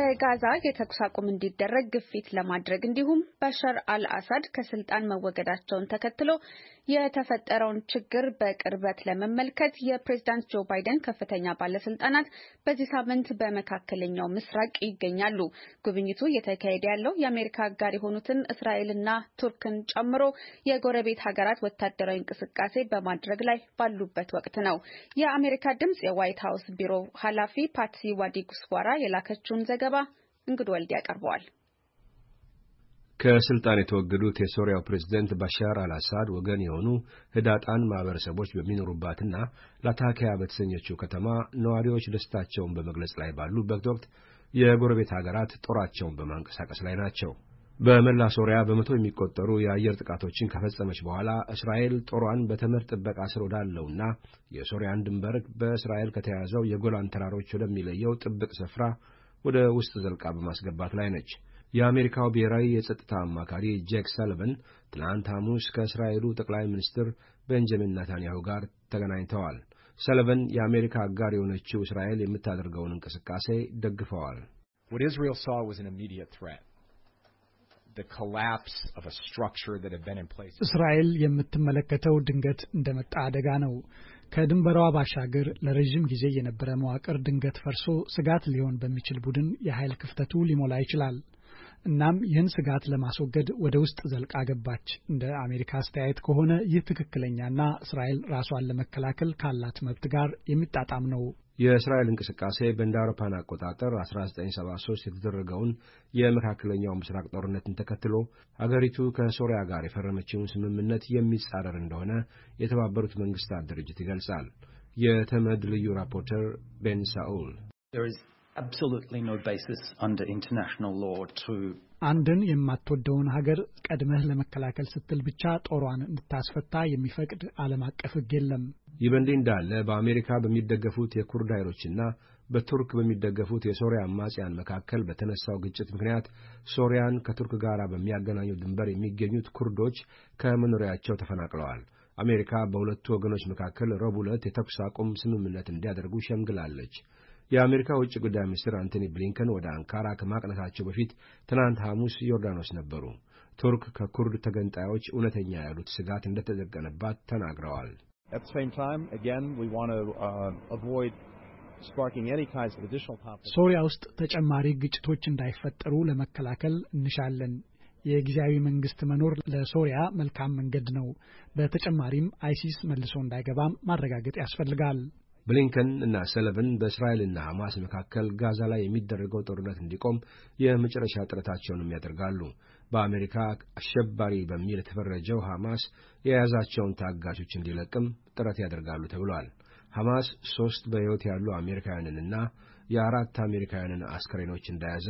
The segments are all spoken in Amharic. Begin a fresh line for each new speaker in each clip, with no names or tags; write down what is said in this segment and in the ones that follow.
በጋዛ የተኩስ አቁም እንዲደረግ ግፊት ለማድረግ እንዲሁም በሻር አልአሳድ ከስልጣን መወገዳቸውን ተከትሎ የተፈጠረውን ችግር በቅርበት ለመመልከት የፕሬዝዳንት ጆ ባይደን ከፍተኛ ባለስልጣናት በዚህ ሳምንት በመካከለኛው ምስራቅ ይገኛሉ። ጉብኝቱ እየተካሄደ ያለው የአሜሪካ አጋር የሆኑትን እስራኤልና ቱርክን ጨምሮ የጎረቤት ሀገራት ወታደራዊ እንቅስቃሴ በማድረግ ላይ ባሉበት ወቅት ነው። የአሜሪካ ድምጽ የዋይት ሀውስ ቢሮ ኃላፊ ፓትሲ ዋዲጉስዋራ የላከችውን ዘገባ ዘገባ እንግዶ ወልድ ያቀርበዋል።
ከስልጣን የተወገዱት የሶሪያው ፕሬዝደንት ባሻር አልአሳድ ወገን የሆኑ ህዳጣን ማህበረሰቦች በሚኖሩባትና ላታኪያ በተሰኘችው ከተማ ነዋሪዎች ደስታቸውን በመግለጽ ላይ ባሉበት ወቅት የጎረቤት ሀገራት ጦራቸውን በማንቀሳቀስ ላይ ናቸው። በመላ ሶሪያ በመቶ የሚቆጠሩ የአየር ጥቃቶችን ከፈጸመች በኋላ እስራኤል ጦሯን በተመድ ጥበቃ ስር ወዳለውና የሶሪያን ድንበር በእስራኤል ከተያዘው የጎላን ተራሮች ወደሚለየው ጥብቅ ስፍራ ወደ ውስጥ ዘልቃ በማስገባት ላይ ነች። የአሜሪካው ብሔራዊ የጸጥታ አማካሪ ጄክ ሰልቨን ትናንት ሐሙስ ከእስራኤሉ ጠቅላይ ሚኒስትር ቤንጃሚን ናታንያሁ ጋር ተገናኝተዋል። ሰልቨን የአሜሪካ አጋር የሆነችው እስራኤል የምታደርገውን እንቅስቃሴ ደግፈዋል።
እስራኤል የምትመለከተው ድንገት እንደመጣ አደጋ ነው። ከድንበሯ ባሻገር ለረዥም ጊዜ የነበረ መዋቅር ድንገት ፈርሶ ስጋት ሊሆን በሚችል ቡድን የኃይል ክፍተቱ ሊሞላ ይችላል። እናም ይህን ስጋት ለማስወገድ ወደ ውስጥ ዘልቃ ገባች። እንደ አሜሪካ አስተያየት ከሆነ ይህ ትክክለኛና እስራኤል ራሷን ለመከላከል ካላት መብት ጋር የሚጣጣም ነው።
የእስራኤል እንቅስቃሴ በእንደ አውሮፓን አቆጣጠር 1973 የተደረገውን የመካከለኛው ምስራቅ ጦርነትን ተከትሎ አገሪቱ ከሶሪያ ጋር የፈረመችውን ስምምነት የሚጻረር እንደሆነ የተባበሩት መንግስታት ድርጅት ይገልጻል። የተመድ ልዩ ራፖርተር ቤን ሳኡል
absolutely no basis
under international law to
አንድን የማትወደውን ሀገር ቀድመህ ለመከላከል ስትል ብቻ ጦሯን እንድታስፈታ የሚፈቅድ ዓለም አቀፍ ሕግ የለም።
ይህ በእንዲህ እንዳለ በአሜሪካ በሚደገፉት የኩርድ ኃይሎችና በቱርክ በሚደገፉት የሶሪያ አማጽያን መካከል በተነሳው ግጭት ምክንያት ሶሪያን ከቱርክ ጋር በሚያገናኘው ድንበር የሚገኙት ኩርዶች ከመኖሪያቸው ተፈናቅለዋል። አሜሪካ በሁለቱ ወገኖች መካከል ረቡዕ ዕለት የተኩስ አቁም ስምምነት እንዲያደርጉ ሸምግላለች። የአሜሪካ ውጭ ጉዳይ ሚኒስትር አንቶኒ ብሊንከን ወደ አንካራ ከማቅነታቸው በፊት ትናንት ሐሙስ ዮርዳኖስ ነበሩ። ቱርክ ከኩርድ ተገንጣዮች እውነተኛ ያሉት ስጋት እንደተደቀነባት ተናግረዋል።
uh, ሶሪያ ውስጥ ተጨማሪ ግጭቶች እንዳይፈጠሩ ለመከላከል እንሻለን። የጊዜያዊ መንግስት መኖር ለሶሪያ መልካም መንገድ ነው። በተጨማሪም አይሲስ መልሶ እንዳይገባም ማረጋገጥ ያስፈልጋል።
ብሊንከን እና ሰለቨን በእስራኤልና ሐማስ መካከል ጋዛ ላይ የሚደረገው ጦርነት እንዲቆም የመጨረሻ ጥረታቸውንም ያደርጋሉ። በአሜሪካ አሸባሪ በሚል የተፈረጀው ሐማስ የያዛቸውን ታጋቾች እንዲለቅም ጥረት ያደርጋሉ ተብሏል። ሐማስ ሦስት በሕይወት ያሉ አሜሪካውያንንና የአራት አሜሪካውያንን አስከሬኖች እንደያዘ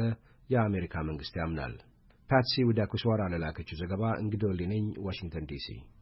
የአሜሪካ መንግሥት ያምናል። ፓትሲ ውዳኩስዋራ ለላከችው ዘገባ እንግዶልነኝ ዋሽንግተን ዲሲ